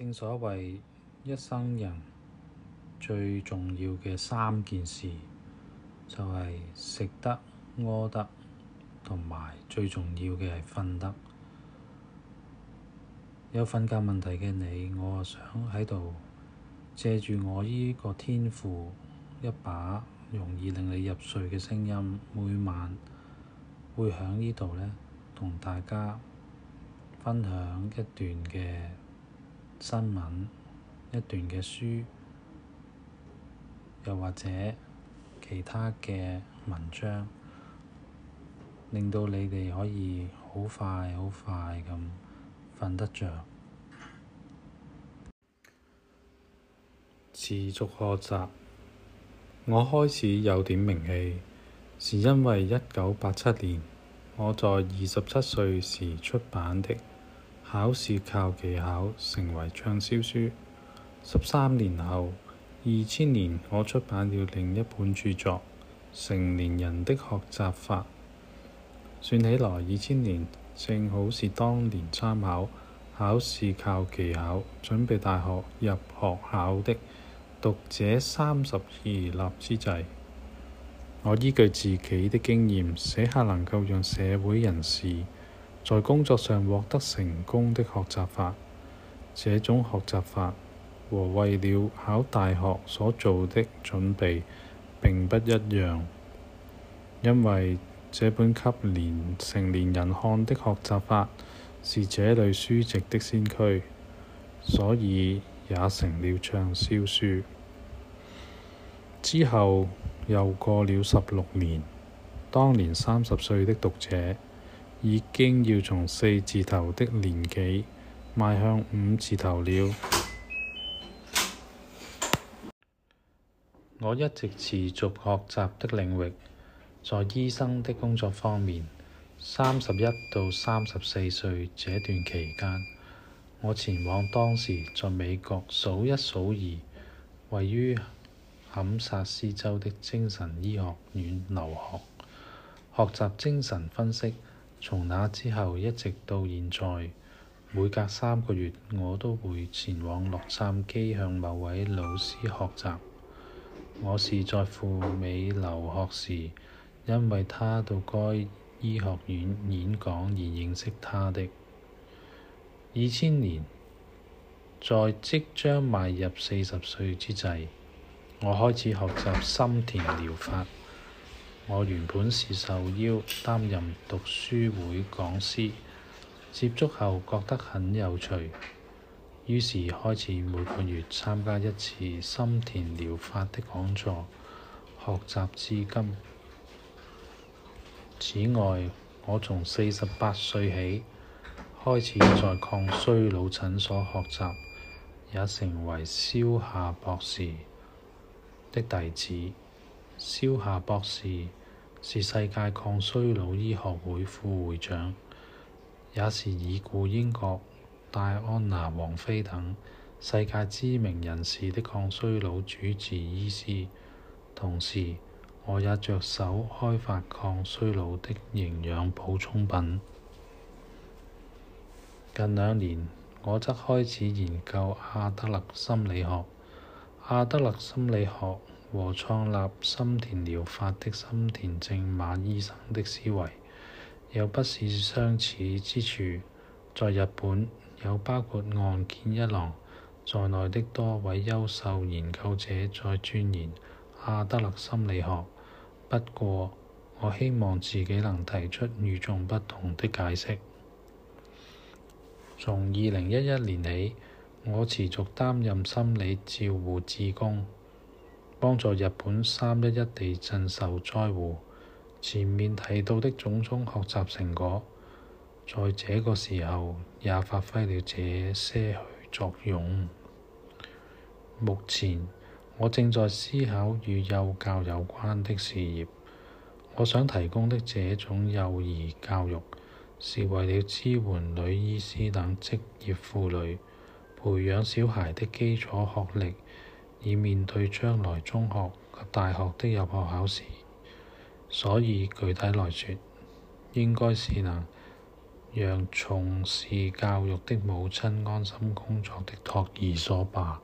正所謂一生人最重要嘅三件事，就係食得、屙得，同埋最重要嘅係瞓得。有瞓覺問題嘅你，我想喺度借住我呢個天賦一把，容易令你入睡嘅聲音，每晚會響呢度呢，同大家分享一段嘅。新聞一段嘅書，又或者其他嘅文章，令到你哋可以好快好快咁瞓得着。持續學習，我開始有點名氣，是因為一九八七年我在二十七歲時出版的。考試靠技巧成為暢銷書。十三年後，二千年我出版了另一本著作《成年人的學習法》。算起來，二千年正好是當年參考《考試靠技巧》準備大學入學考的讀者三十而立之際。我依據自己的經驗，寫下能夠讓社會人士在工作上獲得成功的學習法，這種學習法和為了考大學所做的準備並不一樣，因為這本給年成年人看的學習法是這類書籍的先驅，所以也成了暢銷書。之後又過了十六年，當年三十歲的讀者。已經要從四字頭的年紀邁向五字頭了。我一直持續學習的領域，在醫生的工作方面，三十一到三十四歲這段期間，我前往當時在美國數一數二、位於坎薩斯州的精神醫學院留學，學習精神分析。從那之後一直到現在，每隔三個月我都會前往洛杉磯向某位老師學習。我是在赴美留學時，因為他到該醫學院演講而認識他的。二千年，在即將邁入四十歲之際，我開始學習心田療法。我原本是受邀擔任讀書會講師，接觸後覺得很有趣，於是開始每個月參加一次心田療法的講座，學習至今。此外，我從四十八歲起開始在抗衰老診所學習，也成為蕭夏博士的弟子。肖夏博士是世界抗衰老醫學會副會長，也是已故英國戴安娜王妃等世界知名人士的抗衰老主治醫師。同時，我也着手開發抗衰老的營養補充品。近兩年，我則開始研究阿德勒心理學。阿德勒心理學。和創立心田療法的心田正馬醫生的思維有不少相似之處。在日本，有包括岸見一郎在內的多位優秀研究者在鑽研阿德勒心理學。不過，我希望自己能提出與眾不同的解釋。從二零一一年起，我持續擔任心理照顧志工。幫助日本三一一地震受災戶，前面提到的種種學習成果，在這個時候也發揮了這些作用。目前我正在思考與幼教有關的事業，我想提供的這種幼兒教育，是為了支援女醫師等職業婦女，培養小孩的基礎學歷。以面對將來中學及大學的入學考試，所以具體來說，應該是能讓從事教育的母親安心工作的托兒所吧。